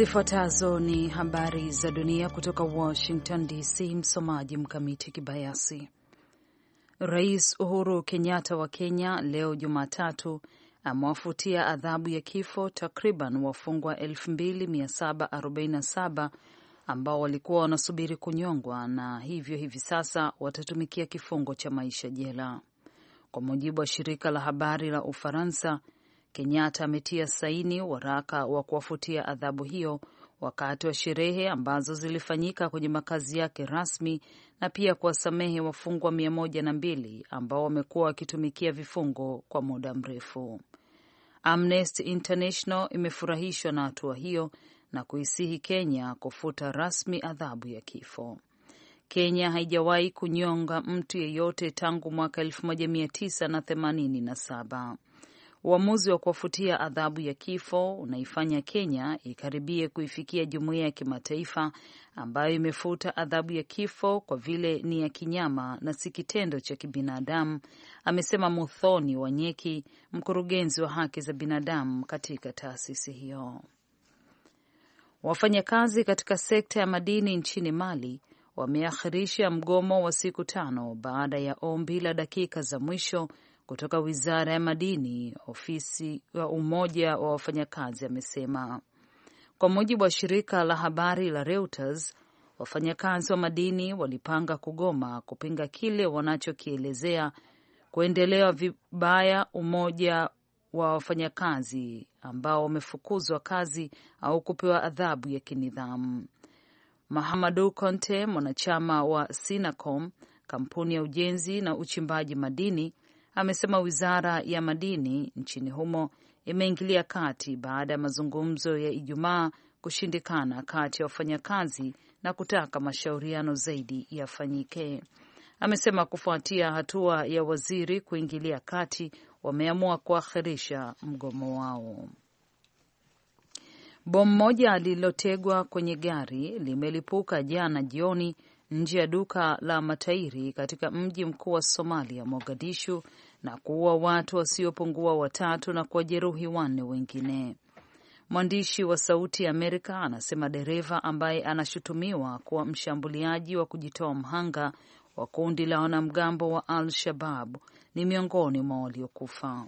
Zifuatazo ni habari za dunia kutoka Washington DC. Msomaji Mkamiti Kibayasi. Rais Uhuru Kenyatta wa Kenya leo Jumatatu amewafutia adhabu ya kifo takriban wafungwa 2747 ambao walikuwa wanasubiri kunyongwa na hivyo hivi sasa watatumikia kifungo cha maisha jela, kwa mujibu wa shirika la habari la Ufaransa. Kenyatta ametia saini waraka wa kuwafutia adhabu hiyo wakati wa sherehe ambazo zilifanyika kwenye makazi yake rasmi na pia kuwasamehe wafungwa mia moja na mbili ambao wamekuwa wakitumikia vifungo kwa muda mrefu. Amnesty International imefurahishwa na hatua hiyo na kuisihi Kenya kufuta rasmi adhabu ya kifo. Kenya haijawahi kunyonga mtu yeyote tangu mwaka 1987. Uamuzi wa kuwafutia adhabu ya kifo unaifanya Kenya ikaribie kuifikia jumuiya ya kimataifa ambayo imefuta adhabu ya kifo kwa vile ni ya kinyama na si kitendo cha kibinadamu, amesema Muthoni Wanyeki, mkurugenzi wa haki za binadamu katika taasisi hiyo. Wafanyakazi katika sekta ya madini nchini Mali wameakhirisha mgomo wa siku tano baada ya ombi la dakika za mwisho kutoka wizara ya madini, ofisi ya Umoja wa Wafanyakazi amesema. Kwa mujibu wa shirika la habari la Reuters, wafanyakazi wa madini walipanga kugoma kupinga kile wanachokielezea kuendelewa vibaya umoja wa wafanyakazi ambao wamefukuzwa kazi au kupewa adhabu ya kinidhamu. Mahamadu Konte, mwanachama wa Sinacom, kampuni ya ujenzi na uchimbaji madini, amesema wizara ya madini nchini humo imeingilia kati baada ya mazungumzo ya Ijumaa kushindikana kati ya wafanyakazi na kutaka mashauriano zaidi yafanyike. Amesema kufuatia hatua ya waziri kuingilia kati, wameamua kuakhirisha mgomo wao. Bomu moja lililotegwa kwenye gari limelipuka jana jioni nje ya duka la matairi katika mji mkuu wa Somalia, Mogadishu, na kuua watu wasiopungua watatu na kuwajeruhi wanne wengine. Mwandishi wa Sauti ya Amerika anasema dereva ambaye anashutumiwa kuwa mshambuliaji wa kujitoa mhanga wa kundi la wanamgambo wa Al Shabab ni miongoni mwa waliokufa.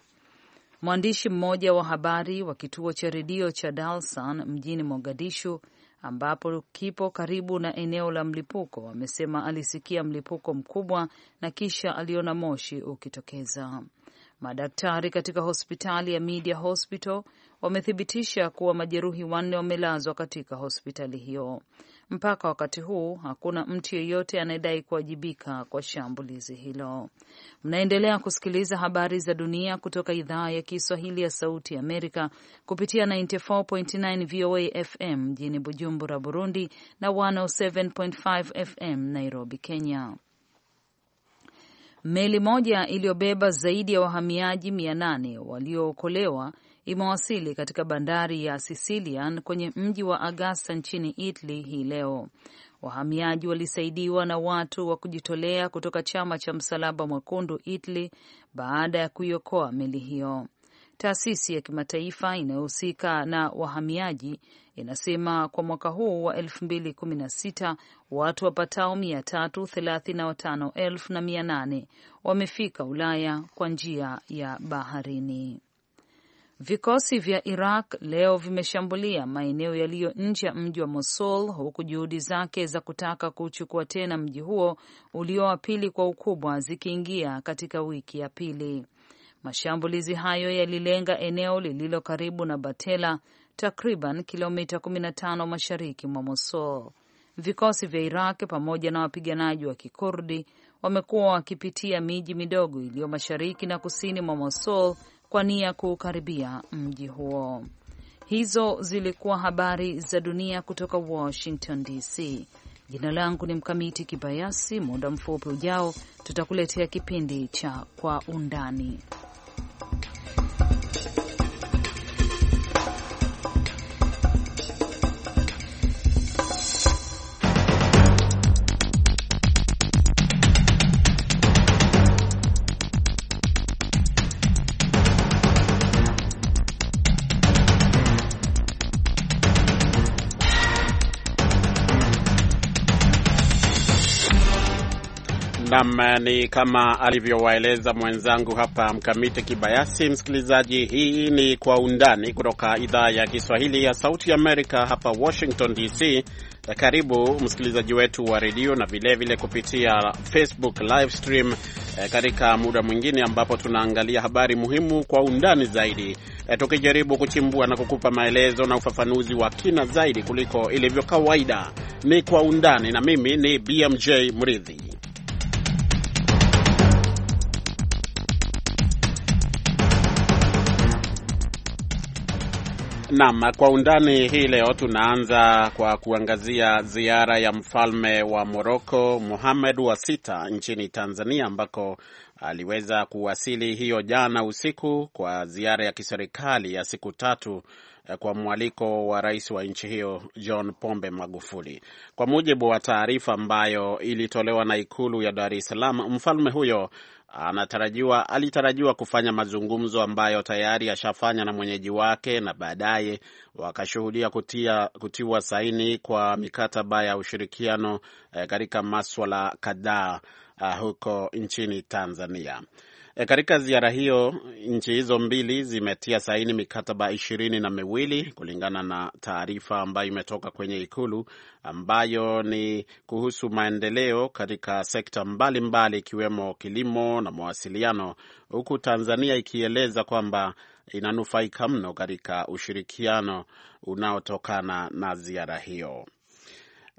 Mwandishi mmoja wa habari wa kituo cha redio cha Dalsan mjini Mogadishu ambapo kipo karibu na eneo la mlipuko. Amesema alisikia mlipuko mkubwa na kisha aliona moshi ukitokeza. Madaktari katika hospitali ya Media Hospital wamethibitisha kuwa majeruhi wanne wamelazwa katika hospitali hiyo. Mpaka wakati huu hakuna mtu yeyote anayedai kuwajibika kwa shambulizi hilo. Mnaendelea kusikiliza habari za dunia kutoka idhaa ya Kiswahili ya Sauti Amerika kupitia 94.9 VOA FM mjini Bujumbura, Burundi na 107.5 FM Nairobi, Kenya. Meli moja iliyobeba zaidi ya wahamiaji 8 waliookolewa imewasili katika bandari ya Sicilian kwenye mji wa Agasta nchini Italy hii leo. Wahamiaji walisaidiwa na watu wa kujitolea kutoka chama cha Msalaba Mwekundu Italy baada ya kuiokoa meli hiyo. Taasisi ya kimataifa inayohusika na wahamiaji inasema kwa mwaka huu wa 2016 watu wapatao 335,800 wamefika Ulaya kwa njia ya baharini. Vikosi vya Iraq leo vimeshambulia maeneo yaliyo nje ya mji wa Mosul huku juhudi zake za kutaka kuchukua tena mji huo ulio wa pili kwa ukubwa zikiingia katika wiki ya pili. Mashambulizi hayo yalilenga eneo lililo karibu na Batela, takriban kilomita 15 mashariki mwa Mosul. Vikosi vya Iraq pamoja na wapiganaji wa Kikurdi wamekuwa wakipitia miji midogo iliyo mashariki na kusini mwa Mosul kwa nia kuukaribia mji huo. Hizo zilikuwa habari za dunia kutoka Washington DC. Jina langu ni Mkamiti Kibayasi. Muda mfupi ujao, tutakuletea kipindi cha Kwa Undani. Naam, ni kama alivyowaeleza mwenzangu hapa Mkamiti Kibayasi. Msikilizaji, hii ni Kwa Undani kutoka idhaa ya Kiswahili ya Sauti Amerika hapa Washington DC. Eh, karibu msikilizaji wetu wa redio na vilevile vile kupitia Facebook live stream eh, katika muda mwingine ambapo tunaangalia habari muhimu kwa undani zaidi eh, tukijaribu kuchimbua na kukupa maelezo na ufafanuzi wa kina zaidi kuliko ilivyo kawaida. Ni Kwa Undani na mimi ni BMJ Mridhi. Naam, kwa undani hii leo tunaanza kwa kuangazia ziara ya mfalme wa Moroko Mohamed wa sita nchini Tanzania ambako aliweza kuwasili hiyo jana usiku kwa ziara ya kiserikali ya siku tatu eh, kwa mwaliko wa rais wa nchi hiyo John Pombe Magufuli. Kwa mujibu wa taarifa ambayo ilitolewa na ikulu ya Dar es Salaam, mfalme huyo anatarajiwa alitarajiwa kufanya mazungumzo ambayo tayari ashafanya na mwenyeji wake na baadaye wakashuhudia kutia, kutiwa saini kwa mikataba ya ushirikiano eh, katika maswala kadhaa ah, huko nchini Tanzania. E, katika ziara hiyo nchi hizo mbili zimetia saini mikataba ishirini na miwili kulingana na taarifa ambayo imetoka kwenye Ikulu ambayo ni kuhusu maendeleo katika sekta mbalimbali ikiwemo mbali kilimo na mawasiliano, huku Tanzania ikieleza kwamba inanufaika mno katika ushirikiano unaotokana na ziara hiyo.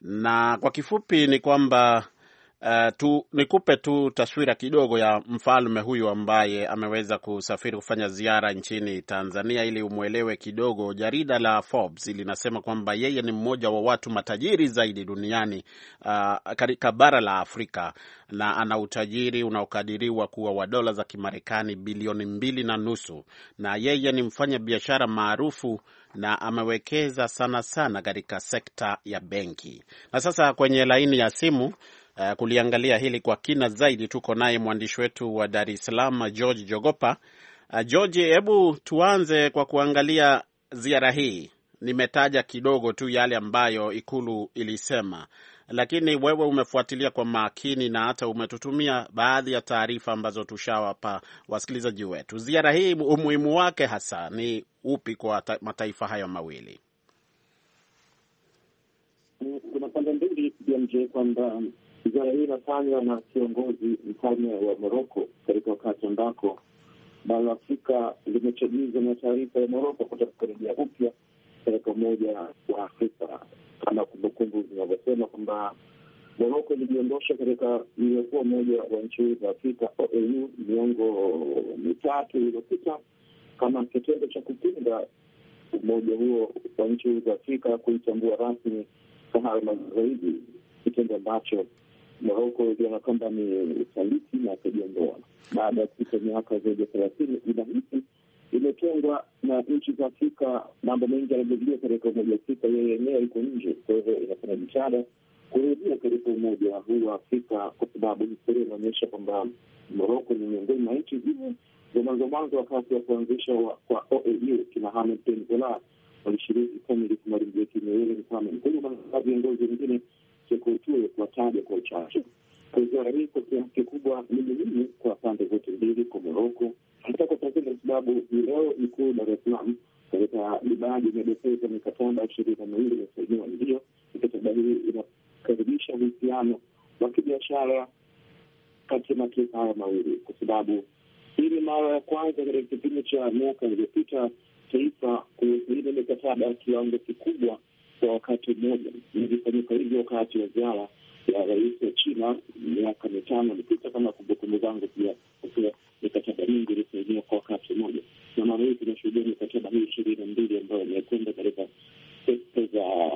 Na kwa kifupi ni kwamba Uh, tu nikupe tu taswira kidogo ya mfalme huyu ambaye ameweza kusafiri kufanya ziara nchini Tanzania ili umwelewe kidogo. Jarida la Forbes linasema kwamba yeye ni mmoja wa watu matajiri zaidi duniani, uh, katika bara la Afrika na ana utajiri unaokadiriwa kuwa wa dola za Kimarekani bilioni mbili na nusu, na yeye ni mfanya biashara maarufu na amewekeza sana sana katika sekta ya benki. Na sasa kwenye laini ya simu uh, kuliangalia hili kwa kina zaidi, tuko naye mwandishi wetu wa Dar es Salaam George Jogopa. Uh, George, hebu tuanze kwa kuangalia ziara hii. Nimetaja kidogo tu yale ambayo ikulu ilisema, lakini wewe umefuatilia kwa makini na hata umetutumia baadhi ya taarifa ambazo tushawapa wasikilizaji wetu. Ziara hii umuhimu wake hasa ni upi kwa mataifa hayo mawili? Kuna pande mbili, BMJ, kwamba Wizara hii inafanywa na kiongozi mfalme wa Moroko katika wakati ambako bara la Afrika limechagizwa na taarifa ya Moroko kutaka kurejea upya katika Umoja wa Afrika kama kumbukumbu zinavyosema kwamba Moroko ilijiondosha katika iliyokuwa umoja wa nchi za Afrika au miongo mitatu iliyopita kama kitendo cha kupinga umoja huo wa nchi za Afrika kuitambua rasmi Sahara Magharibi, kitendo ambacho Moroko iliona kwamba ni usaliti na kujiondoa baada ya kupita miaka zaidi ya thelathini. Inahisi imetengwa na nchi za Afrika, mambo mengi yanajadiliwa katika Umoja wa Afrika, yeye yenyewe iko nje. Kwa hivyo inafanya jitihada kurejea katika umoja huu wa Afrika kwa sababu historia inaonyesha kwamba Moroko ni miongoni mwa nchi zile za mwanzo mwanzo wakati wa kuanzisha kwa OAU kina Hamad Ben Salah walishiriki kamilifu maridhiano ya Nyerere. Kwa hiyo na viongozi wengine sikutue kuwataja kwa uchache. Kuziara hii kwa kiasi kikubwa ni muhimu kwa pande zote mbili, kwa Moroko hata kwa Tanzania, kwa sababu leo mkuu Dar es Salaam katika libaji imedokeza mikataba ishirini na miwili iliyosainiwa. ndio mikataba hii inakaribisha uhusiano wa kibiashara kati ya mataifa haya mawili, kwa sababu hii ni mara ya kwanza katika kipindi cha miaka iliyopita taifa kusaini mikataba ya kiwango kikubwa kwa wakati mmoja. Ilifanyika hivyo wakati wa ziara ya rais wa China miaka mitano ilipita, kama kumbukumbu zangu pia kukiwa mikataba mingi ilisainiwa kwa wakati mmoja, na mara hii tunashuhudia mikataba hii ishirini na mbili ambayo imekwenda katika sekta za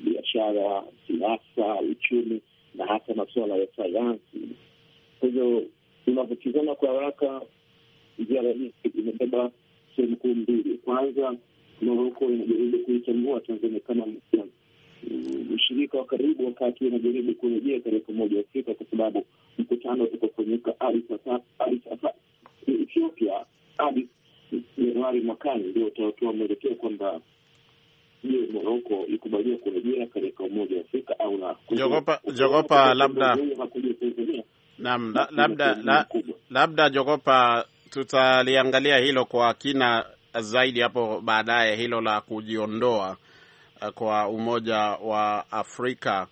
biashara, siasa, uchumi na hata masuala ya sayansi. Kwa hivyo unavyotizama kwa haraka, ziara hii imebeba sehemu kuu mbili. Kwanza Moroko inajaribu kuitambua Tanzania kama mshirika mm, wa karibu, wakati inajaribu kurejea katika Umoja wa Afrika kwa sababu mkutano utakofanyika Addis Ethiopia, hadi Januari mwakani ndio utatoa mwelekeo kwamba je, Moroko ikubaliwa kurejea katika Umoja wa Afrika au la. Jogopa, labda naam, labda labda, Jogopa, tutaliangalia hilo kwa kina zaidi hapo baadaye, hilo la kujiondoa eh, kwa Umoja wa Afrika,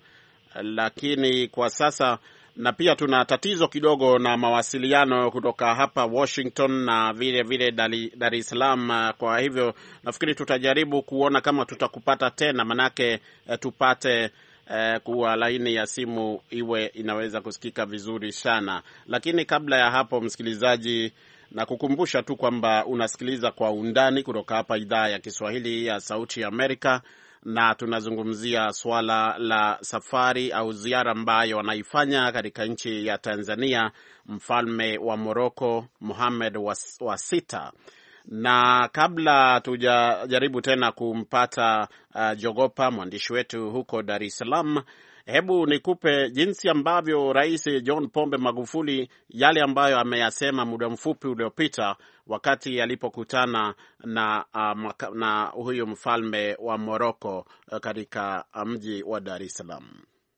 lakini kwa sasa na pia tuna tatizo kidogo na mawasiliano kutoka hapa Washington na vile vile Dar es Salaam. Kwa hivyo nafikiri tutajaribu kuona kama tutakupata tena, manake eh, tupate eh, kuwa laini ya simu iwe inaweza kusikika vizuri sana. Lakini kabla ya hapo, msikilizaji na kukumbusha tu kwamba unasikiliza Kwa Undani kutoka hapa idhaa ya Kiswahili ya Sauti Amerika, na tunazungumzia swala la safari au ziara ambayo anaifanya katika nchi ya Tanzania mfalme wa Moroko Mohamed wa sita na kabla tujajaribu tena kumpata uh, Jogopa mwandishi wetu huko Dar es Salaam, hebu nikupe jinsi ambavyo Rais John Pombe Magufuli yale ambayo ameyasema muda mfupi uliopita wakati alipokutana na, uh, na huyu mfalme wa Moroko uh, katika uh, mji wa Dar es Salaam.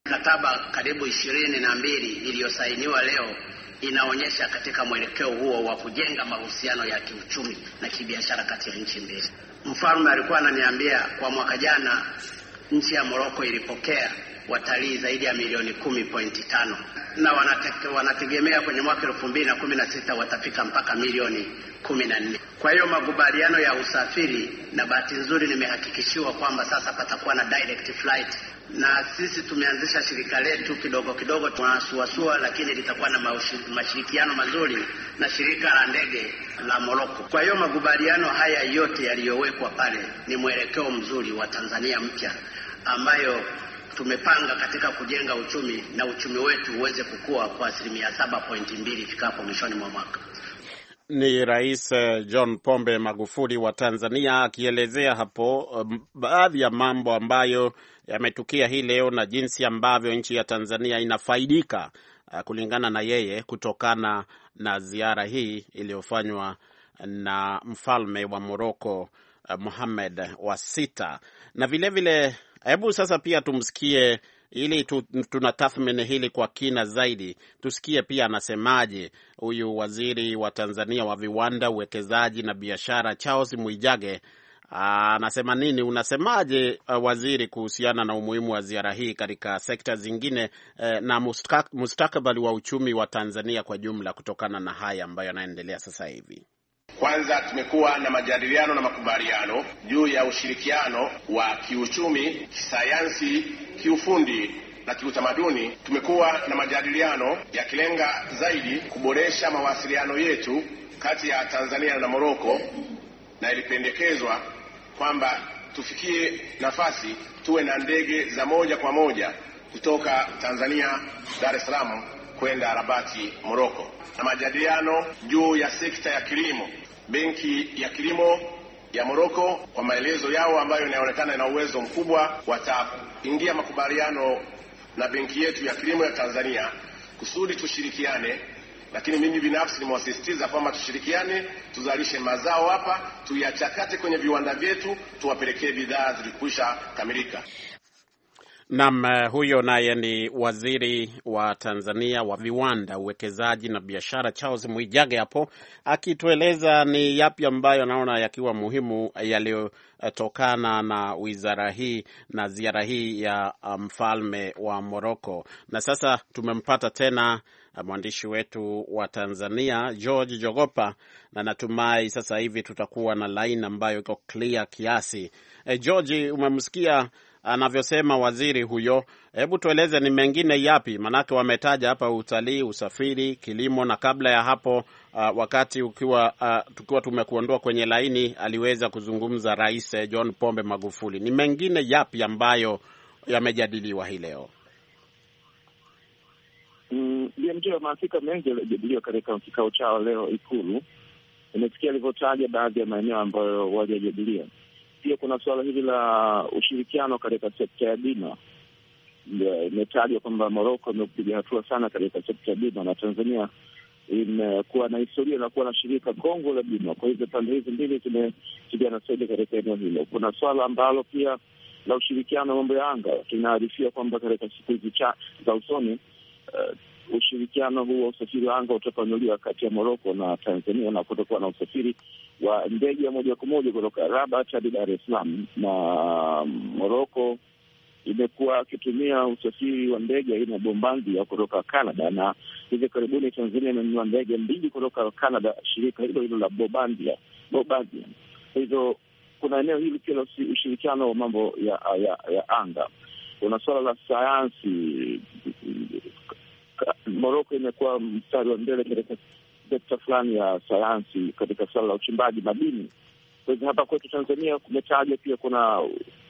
Mkataba karibu ishirini na mbili iliyosainiwa leo inaonyesha katika mwelekeo huo wa kujenga mahusiano ya kiuchumi na kibiashara kati ya nchi mbili. Mfalme alikuwa ananiambia kwa mwaka jana nchi ya Moroko ilipokea watalii zaidi ya milioni kumi pointi tano na wanateke, wanategemea kwenye mwaka elfu mbili na kumi na sita watafika mpaka milioni kumi na nne. Kwa hiyo makubaliano ya usafiri, na bahati nzuri nimehakikishiwa kwamba sasa patakuwa na direct flight, na sisi tumeanzisha shirika letu kidogo kidogo, tunasuasua, lakini litakuwa na mashirikiano mazuri na shirika la ndege la Moroko. Kwa hiyo makubaliano haya yote yaliyowekwa pale ni mwelekeo mzuri wa Tanzania mpya ambayo tumepanga katika kujenga uchumi na uchumi wetu uweze kukua kwa asilimia saba pointi mbili ifikapo mwishoni mwa mwaka. Ni Rais eh, John Pombe Magufuli wa Tanzania akielezea hapo um, baadhi ya mambo ambayo yametukia hii leo na jinsi ambavyo nchi ya Tanzania inafaidika eh, kulingana na yeye kutokana na ziara hii iliyofanywa na mfalme wa Moroko eh, Mohamed wa sita na vilevile vile Hebu sasa pia tumsikie ili tu, tuna tathmini hili kwa kina zaidi, tusikie pia anasemaje huyu waziri wa Tanzania wa viwanda, uwekezaji na biashara Charles Mwijage anasema nini? Unasemaje uh, waziri, kuhusiana na umuhimu wa ziara hii katika sekta zingine eh, na mustakabali wa uchumi wa Tanzania kwa jumla kutokana na haya ambayo yanaendelea sasa hivi? Kwanza tumekuwa na majadiliano na makubaliano juu ya ushirikiano wa kiuchumi, kisayansi, kiufundi na kiutamaduni. Tumekuwa na majadiliano yakilenga zaidi kuboresha mawasiliano yetu kati ya Tanzania na Moroko, na ilipendekezwa kwamba tufikie nafasi tuwe na ndege za moja kwa moja kutoka Tanzania Dar es Salaam kwenda Rabati Moroko, na majadiliano juu ya sekta ya kilimo benki ya kilimo ya Moroko kwa maelezo yao ambayo inaonekana ina uwezo mkubwa, wataingia makubaliano na benki yetu ya kilimo ya Tanzania kusudi tushirikiane, lakini mimi binafsi nimewasisitiza kwamba tushirikiane, tuzalishe mazao hapa, tuyachakate kwenye viwanda vyetu, tuwapelekee bidhaa zilikwisha kamilika. Naam, eh, huyo naye ni waziri wa Tanzania wa viwanda, uwekezaji na biashara, Charles Mwijage, hapo akitueleza ni yapi ambayo anaona yakiwa muhimu yaliyotokana na wizara hii na ziara hii ya eh, mfalme wa Moroko. Na sasa tumempata tena eh, mwandishi wetu wa Tanzania George Jogopa, na natumai sasa hivi tutakuwa na laini ambayo iko clear kiasi. E, George, umemsikia anavyosema waziri huyo. Hebu tueleze ni mengine yapi, maanake wametaja hapa utalii, usafiri, kilimo na kabla ya hapo Uh, wakati ukiwa uh, tukiwa tumekuondoa kwenye laini aliweza kuzungumza Rais eh, John Pombe Magufuli. Ni mengine yapi ambayo yamejadiliwa hii leo? Mm, ya maafrika mengi yaliyojadiliwa katika kikao chao leo Ikulu. Imesikia alivyotaja baadhi ya maeneo ambayo walijadilia pia kuna suala hili la ushirikiano katika sekta ya bima. Imetajwa kwamba Moroko imepiga hatua sana katika sekta ya bima, na Tanzania imekuwa na historia na kuwa na shirika kongwe la bima. Kwa hivyo pande hizi mbili zimepigana saidi katika eneo hilo. Kuna swala ambalo pia la ushirikiano wa mambo ya anga, tunaarifia kwamba katika siku hizi za usoni uh, ushirikiano huu wa usafiri wa anga utapanuliwa kati ya Moroko na Tanzania na kutokuwa na usafiri wa ndege ya moja kwa moja kutoka Rabat hadi Dar es Salaam, na um, Moroko imekuwa akitumia usafiri wa ndege aina ya Bombardier kutoka Canada, na hivi karibuni Tanzania imenunua ndege mbili kutoka Canada, shirika hilo hilo la Bombardier. kwa hivyo kuna eneo hili pia la ushirikiano wa mambo ya, ya, ya anga. Kuna suala la sayansi. Moroko imekuwa mstari wa mbele katika sekta fulani ya sayansi katika suala la uchimbaji madini. Kwa hivyo hapa kwetu Tanzania kumetajwa pia kuna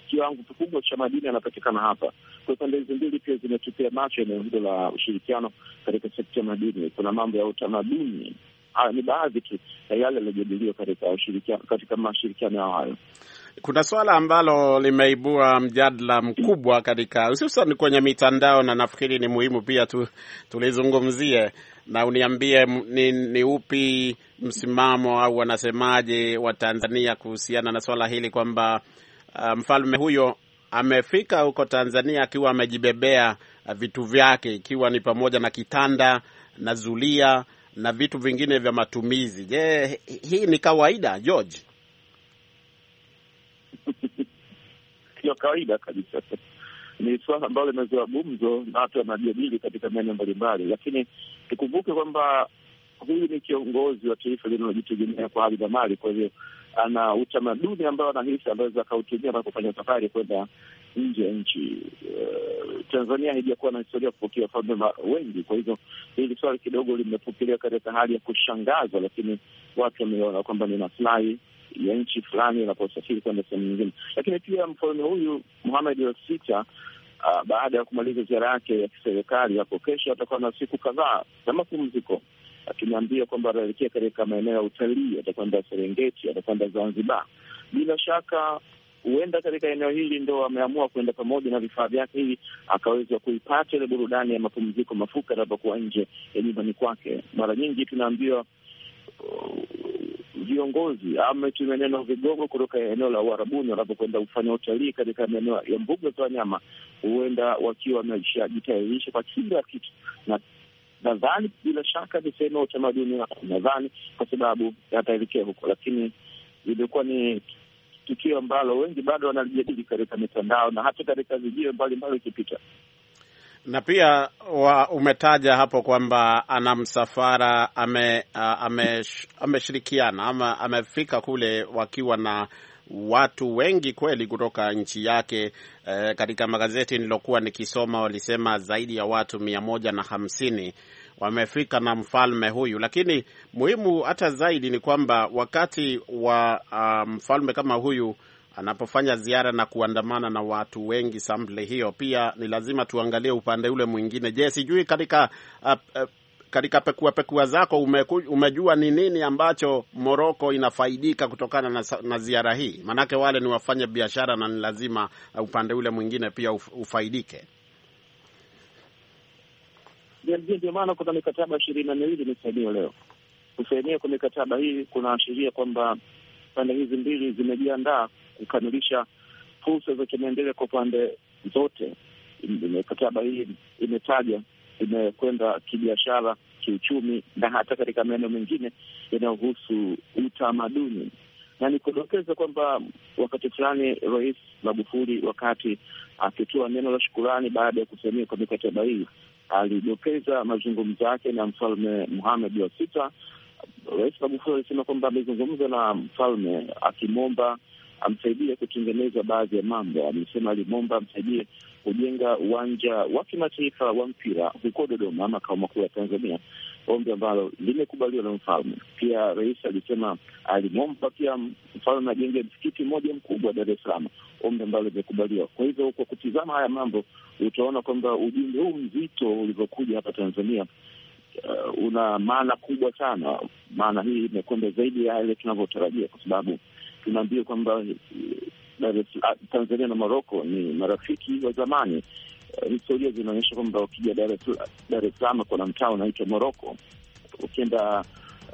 kiwango kikubwa cha madini yanapatikana hapa. Kwa pande hizi mbili pia zimetupia macho eneo hilo la ushirikiano katika sekta ya madini. Kuna mambo ya utamaduni. Haya ni baadhi tu ya yale yaliyojadiliwa katika ushirikiano, katika mashirikiano hayo kuna swala ambalo limeibua mjadala mkubwa katika hususan kwenye mitandao, na nafikiri ni muhimu pia tu, tulizungumzie na uniambie ni, ni upi msimamo au wanasemaje wa Tanzania kuhusiana na swala hili kwamba uh, mfalme huyo amefika huko Tanzania akiwa amejibebea vitu vyake ikiwa ni pamoja na kitanda na zulia na vitu vingine vya matumizi. Je, hii ni kawaida George? sio kawaida kabisa. Ni suala ambalo limezoa gumzo na watu wanajadili katika maeneo mbalimbali, lakini tukumbuke kwamba huyu ni kiongozi wa taifa linalojitegemea kwa hali na mali. Kwa hiyo ana utamaduni ambao anahisi anaweza akautumia anapofanya safari kwenda nje ya nchi. Uh, Tanzania haijakuwa na historia ya kupokea wafalme wengi, kwa hivyo hili swali kidogo limepokelewa katika hali ya kushangaza, lakini watu wameona kwamba ni maslahi ya nchi fulani unaposafiri kwenda sehemu nyingine. Lakini pia mfalme huyu Muhamed wa sita Uh, baada ya kumaliza ziara yake ya kiserikali hapo, kesho atakuwa na siku kadhaa za mapumziko. Tumeambia kwamba ataelekea katika maeneo ya utalii, atakwenda Serengeti, atakwenda Zanzibar. Bila shaka, huenda katika eneo hili ndo ameamua kuenda pamoja na vifaa vyake, hili akaweza kuipata ile burudani ya mapumziko mafupi atakapokuwa nje ya nyumbani kwake. Mara nyingi tunaambiwa viongozi ametumia neno vigogo kutoka eneo la uharabuni wanapokwenda kufanya utalii katika maeneo ya mbuga za wanyama, huenda wakiwa wameshajitayarisha kwa kila kitu, na nadhani bila shaka ni sehemu ya utamaduni wao, nadhani kwa sababu yataelekea huko, lakini ilikuwa ni tukio ambalo wengi bado wanalijadili katika mitandao na hata katika vijio mbalimbali ikipita na pia wa, umetaja hapo kwamba ana msafara ame, ame, ameshirikiana ama amefika kule wakiwa na watu wengi kweli kutoka nchi yake. E, katika magazeti nilokuwa nikisoma walisema zaidi ya watu mia moja na hamsini wamefika na mfalme huyu, lakini muhimu hata zaidi ni kwamba wakati wa uh, mfalme kama huyu anapofanya ziara na kuandamana na watu wengi sample hiyo. Pia ni lazima tuangalie upande ule mwingine. Je, sijui katika uh, uh, katika pekua pekua zako umeku, umejua ni nini ambacho Moroko inafaidika kutokana na, na ziara hii? Maanake wale ni wafanya biashara na ni lazima uh, upande ule mwingine pia uf, ufaidike. Ndio maana kuna mikataba ishirini na miwili imesainiwa leo. Kusainiwa kwa mikataba hii kunaashiria kwamba pande hizi mbili zimejiandaa kukamilisha fursa za kimaendeleo kwa pande zote. Mikataba hii imetaja imekwenda kibiashara, kiuchumi na hata katika maeneo mengine yanayohusu utamaduni, na nikudokeza kwamba wakati fulani Rais Magufuli wakati akitoa neno la shukurani baada ya kusainiwa kwa mikataba hii alidokeza mazungumzo yake na Mfalme Muhamed wa Sita. Rais Magufuli alisema kwamba amezungumza na mfalme akimwomba amsaidie kutengeneza baadhi ya mambo. Amesema alimwomba amsaidie kujenga uwanja wa kimataifa wa mpira huko Dodoma, makao makuu ya Tanzania, ombi ambalo limekubaliwa na mfalme. Pia rais alisema alimwomba pia mfalme ajenge msikiti mmoja mkubwa Dar es Salaam, ombi ambalo limekubaliwa. Kwa hivyo kwa kutizama haya mambo, utaona kwamba ujumbe huu mzito ulivyokuja hapa Tanzania uh, una maana kubwa sana. Maana hii imekwenda zaidi ya yale tunavyotarajia, kwa sababu tunaambia kwamba eh, Tanzania na Moroko ni marafiki wa zamani. Eh, historia zinaonyesha kwamba ukija Dar es Salaam kuna mtaa unaitwa Moroko, ukienda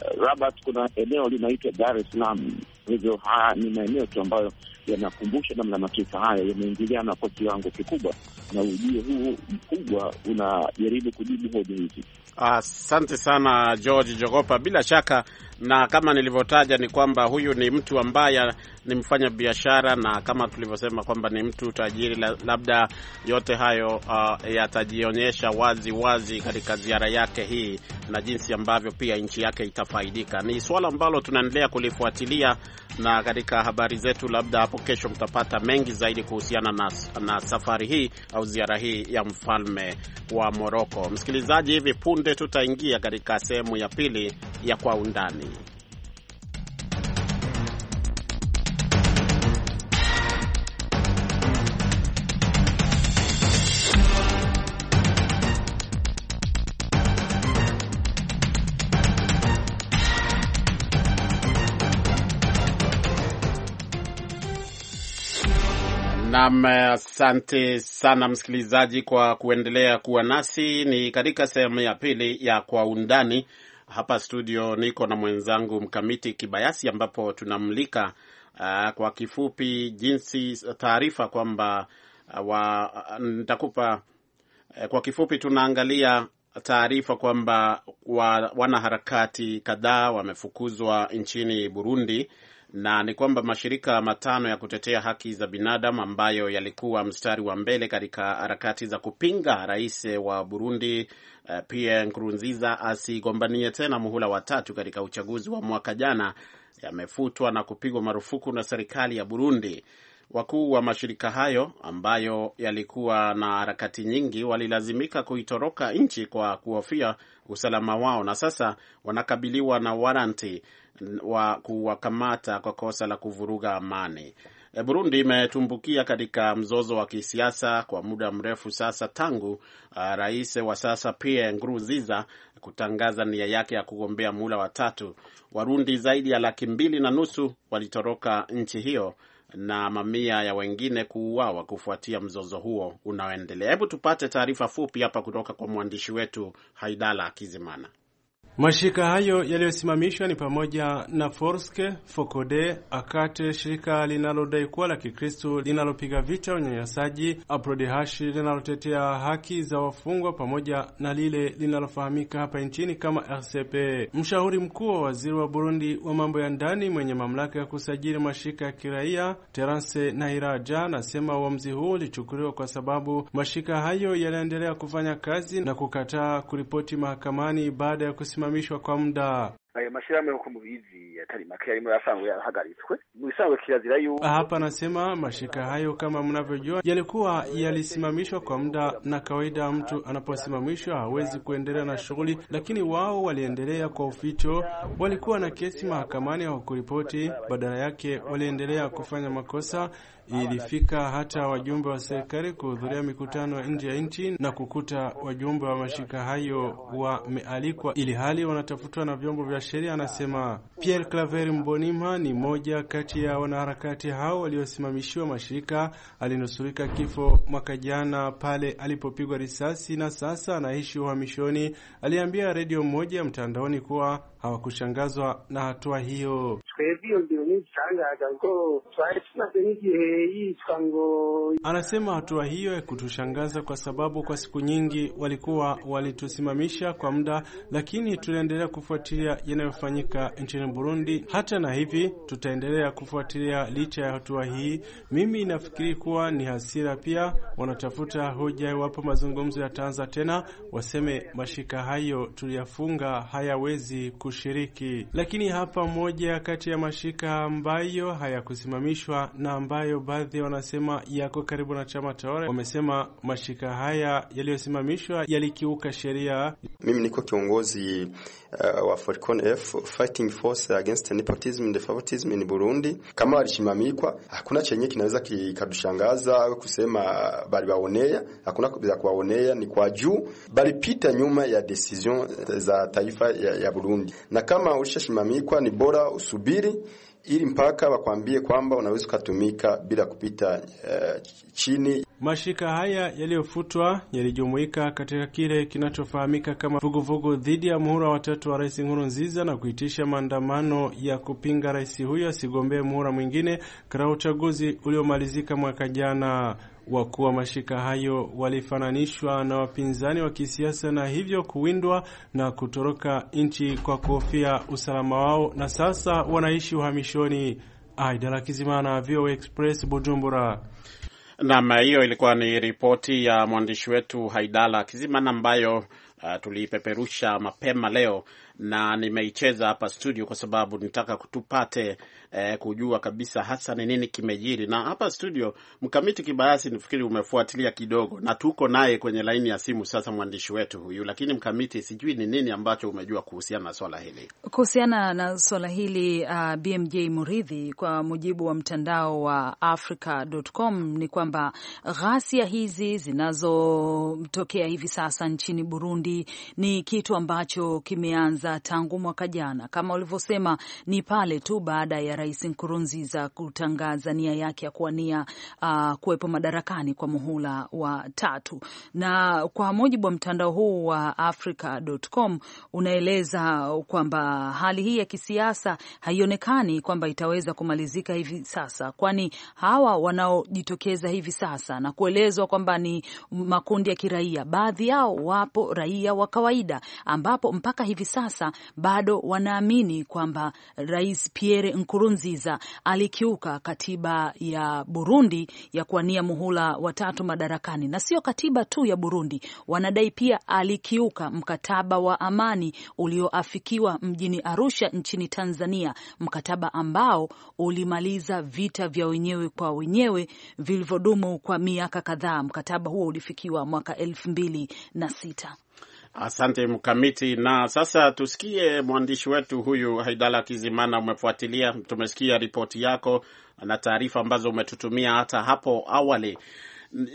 eh, Rabat kuna eneo linaitwa Dar es Salaam. Kwa hivyo ni maeneo tu ambayo yanakumbusha namna mataifa haya yameingiliana kwa kiwango kikubwa, na ujio huu mkubwa unajaribu kujibu hoja hizi. Asante sana George Jogopa. Bila shaka, na kama nilivyotaja ni kwamba huyu ni mtu ambaye ni mfanya biashara, na kama tulivyosema kwamba ni mtu tajiri. Labda yote hayo uh, yatajionyesha wazi wazi katika ziara yake hii na jinsi ambavyo pia nchi yake itafaidika. Ni swala ambalo tunaendelea kulifuatilia na katika habari zetu, labda hapo kesho mtapata mengi zaidi kuhusiana na, na safari hii au ziara hii ya mfalme wa Moroko. Msikilizaji, hivi punde tutaingia katika sehemu ya pili ya kwa undani. Naam, asante sana msikilizaji kwa kuendelea kuwa nasi. Ni katika sehemu ya pili ya Kwa Undani. Hapa studio niko na mwenzangu Mkamiti Kibayasi, ambapo tunamulika uh, kwa kifupi jinsi taarifa kwamba uh, nitakupa uh, kwa kifupi tunaangalia taarifa kwamba wa, wanaharakati kadhaa wamefukuzwa nchini Burundi na ni kwamba mashirika matano ya kutetea haki za binadamu ambayo yalikuwa mstari wa mbele katika harakati za kupinga rais wa Burundi uh, Pierre Nkurunziza asigombanie tena muhula wa tatu katika uchaguzi wa mwaka jana yamefutwa na kupigwa marufuku na serikali ya Burundi. Wakuu wa mashirika hayo ambayo yalikuwa na harakati nyingi walilazimika kuitoroka nchi kwa kuhofia usalama wao, na sasa wanakabiliwa na waranti wa kuwakamata kwa kosa la kuvuruga amani. E, Burundi imetumbukia katika mzozo wa kisiasa kwa muda mrefu sasa tangu uh, rais wa sasa Pierre Nkurunziza kutangaza nia yake ya kugombea mula wa tatu. Warundi zaidi ya laki mbili na nusu walitoroka nchi hiyo na mamia ya wengine kuuawa kufuatia mzozo huo unaoendelea. Hebu tupate taarifa fupi hapa kutoka kwa mwandishi wetu Haidala Kizimana. Mashirika hayo yaliyosimamishwa ni pamoja na Forske, Fokode, Akate, shirika linalodai kuwa la kikristu linalopiga vita unyanyasaji, Aprodehashi linalotetea haki za wafungwa, pamoja na lile linalofahamika hapa nchini kama RCP. Mshauri mkuu wa waziri wa Burundi wa mambo ya ndani mwenye mamlaka ya kusajili mashirika ya kiraia Terence Nairaja anasema uamuzi huu ulichukuliwa kwa sababu mashirika hayo yanaendelea kufanya kazi na kukataa kuripoti mahakamani baada ya kusimamishwa kusimamishwa kwa muda ayo mashirahamwe nkuko mubizi atari make yarimo yasanzwe yahagaritswe mubisanzwe kirazira yuko ah, hapa nasema mashirika hayo kama mnavyojua yalikuwa yalisimamishwa kwa muda, na kawaida mtu anaposimamishwa hawezi kuendelea na shughuli, lakini wao waliendelea kwa uficho. Walikuwa na kesi mahakamani, kuripoti badala yake waliendelea kufanya makosa ilifika hata wajumbe wa serikali kuhudhuria mikutano ya nje ya nchi na kukuta wajumbe wa mashirika hayo wamealikwa ili hali wanatafutwa na vyombo vya sheria, anasema Pierre Claver Mbonima. Ni mmoja kati ya wanaharakati hao waliosimamishiwa mashirika. Alinusurika kifo mwaka jana pale alipopigwa risasi na sasa anaishi uhamishoni. Aliambia redio moja mtandaoni kuwa hawakushangazwa na hatua hiyo. Anasema hatua hiyo ya kutushangaza kwa sababu kwa siku nyingi walikuwa walitusimamisha kwa muda, lakini tunaendelea kufuatilia yanayofanyika nchini Burundi. Hata na hivi tutaendelea kufuatilia licha ya hatua hii. Mimi nafikiri kuwa ni hasira pia, wanatafuta hoja iwapo mazungumzo yataanza tena, waseme mashika hayo tuliyafunga hayawezi kushiriki. Lakini hapa moja kati ya mashirika ambayo hayakusimamishwa na ambayo baadhi wanasema yako karibu na chama tawala, wamesema mashirika haya yaliyosimamishwa yalikiuka sheria. Mimi niko kiongozi uh, wa Falcon f fighting force against nepotism and favoritism in Burundi. Kama walishimamikwa hakuna chenye kinaweza kikatushangaza kusema uh, bali waonea, hakuna za kuwaonea, ni kwa juu balipita nyuma ya decision uh, za taifa ya, ya Burundi na kama ushashimamikwa ni bora usubiri ili mpaka wakwambie kwamba unaweza ukatumika bila kupita uh, chini. Mashirika haya yaliyofutwa yalijumuika katika kile kinachofahamika kama vuguvugu dhidi ya muhula watatu wa Rais Nkurunziza na kuitisha maandamano ya kupinga rais huyo asigombee muhula mwingine katika uchaguzi uliomalizika mwaka jana. Wakuu wa mashirika hayo walifananishwa na wapinzani wa kisiasa na hivyo kuwindwa na kutoroka nchi kwa kuhofia usalama wao, na sasa wanaishi uhamishoni. Aida la Kizimana, VOA Express, Bujumbura. Nam, hiyo ilikuwa ni ripoti ya mwandishi wetu Haidala Kizimana ambayo uh, tuliipeperusha mapema leo na nimeicheza hapa studio kwa sababu nitaka tupate eh, kujua kabisa hasa ni nini kimejiri. Na hapa studio mkamiti kibayasi, nafikiri umefuatilia kidogo, na tuko naye kwenye laini ya simu sasa, mwandishi wetu huyu. Lakini mkamiti, sijui ni nini ambacho umejua kuhusiana na swala hili, kuhusiana na swala hili uh, BMJ Muridhi, kwa mujibu wa mtandao wa Africa.com ni kwamba ghasia hizi zinazotokea hivi sasa nchini Burundi ni kitu ambacho kimeanza tangu mwaka jana, kama ulivyosema, ni pale tu baada ya Rais Nkurunziza kutangaza nia yake ya kuwania uh, kuwepo madarakani kwa muhula wa tatu. Na kwa mujibu wa mtandao huu wa Africa.com unaeleza kwamba hali hii ya kisiasa haionekani kwamba itaweza kumalizika hivi sasa, kwani hawa wanaojitokeza hivi sasa na kuelezwa kwamba ni makundi ya kiraia, baadhi yao wapo raia wa kawaida, ambapo mpaka hivi sasa bado wanaamini kwamba Rais Pierre Nkurunziza Nkurunziza alikiuka katiba ya Burundi ya kuwania muhula watatu madarakani, na sio katiba tu ya Burundi, wanadai pia alikiuka mkataba wa amani ulioafikiwa mjini Arusha nchini Tanzania, mkataba ambao ulimaliza vita vya wenyewe kwa wenyewe vilivyodumu kwa miaka kadhaa. Mkataba huo ulifikiwa mwaka elfu mbili na sita. Asante Mkamiti. Na sasa tusikie mwandishi wetu huyu Haidala Kizimana. Umefuatilia, tumesikia ripoti yako na taarifa ambazo umetutumia hata hapo awali.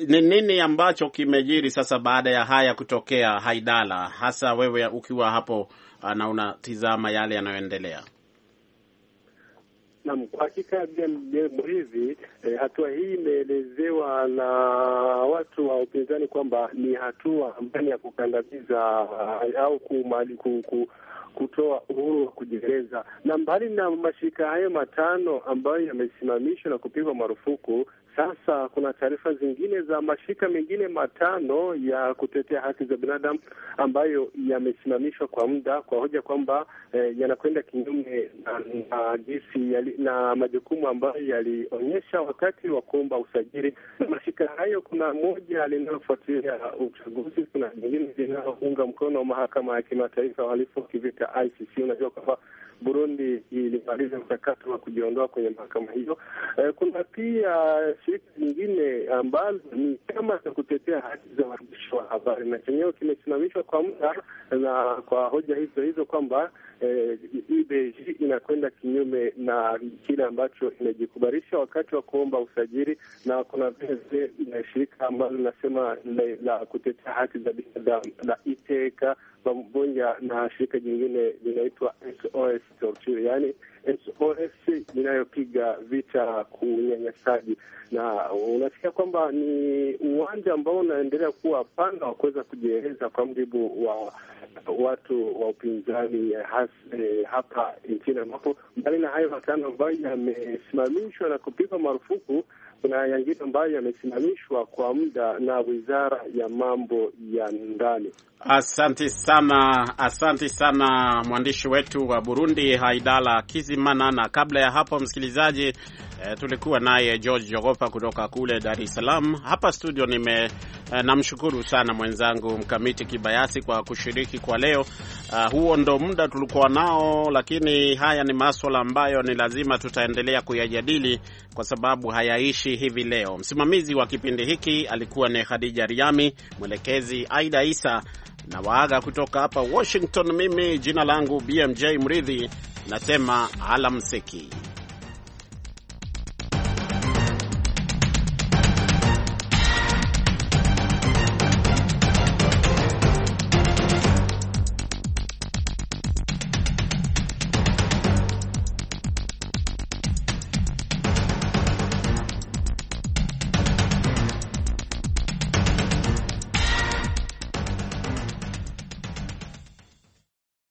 Ni nini ambacho kimejiri sasa baada ya haya kutokea, Haidala, hasa wewe ukiwa hapo uh, na unatizama yale yanayoendelea? Naam, kwa hakika mrizi eh, hatua hii imeelezewa na watu wa upinzani kwamba ni hatua ambayo ya kukandamiza eh, au kumali kuku kutoa uhuru wa kujieleza na mbali na mashirika hayo matano ambayo yamesimamishwa na kupigwa marufuku, sasa kuna taarifa zingine za mashirika mengine matano ya kutetea haki za binadamu ambayo yamesimamishwa kwa muda kwa hoja kwamba eh, yanakwenda kinyume na, na jinsi na majukumu ambayo yalionyesha wakati wa kuomba usajili. Na mashirika hayo kuna moja linalofuatilia uchaguzi, kuna lingine linalounga mkono mahakama ya kimataifa wahalifu wa kivita ICC. Unajua kwamba Burundi ilimaliza mchakato wa kujiondoa kwenye mahakama hiyo. Eh, kuna pia eh, shirika nyingine ambalo ni chama cha kutetea haki za waandishi wa habari, na chenyewe kimesimamishwa kwa muda na kwa hoja hizo hizo kwamba eh, inakwenda kinyume na kile ambacho imejikubalisha wakati wa kuomba usajili, na kuna vilevile eh, shirika ambalo linasema la kutetea haki za binadamu la ITEKA pamoja na shirika jingine linaitwa SOS Torture, yani SOS inayopiga vita kunyanyasaji, na unasikia kwamba ni uwanja ambao unaendelea kuwa panda wa kuweza kujieleza kwa mujibu wa watu wa upinzani eh, hapa nchini, ambapo mbali na hayo matano ambayo yamesimamishwa na kupigwa marufuku kuna yangine ambayo yamesimamishwa kwa muda na wizara ya mambo ya ndani. Asante sana, asante sana mwandishi wetu wa Burundi Haidala Kizimana. Na kabla ya hapo, msikilizaji, eh, tulikuwa naye George Jogopa kutoka kule Dar es Salaam. Hapa studio nime eh, namshukuru sana mwenzangu Mkamiti Kibayasi kwa kushiriki kwa leo Uh, huo ndo muda tulikuwa nao, lakini haya ni maswala ambayo ni lazima tutaendelea kuyajadili kwa sababu hayaishi hivi leo. Msimamizi wa kipindi hiki alikuwa ni Khadija Riami, mwelekezi Aida Isa na waaga kutoka hapa Washington. Mimi jina langu BMJ Mridhi, nasema alamsiki.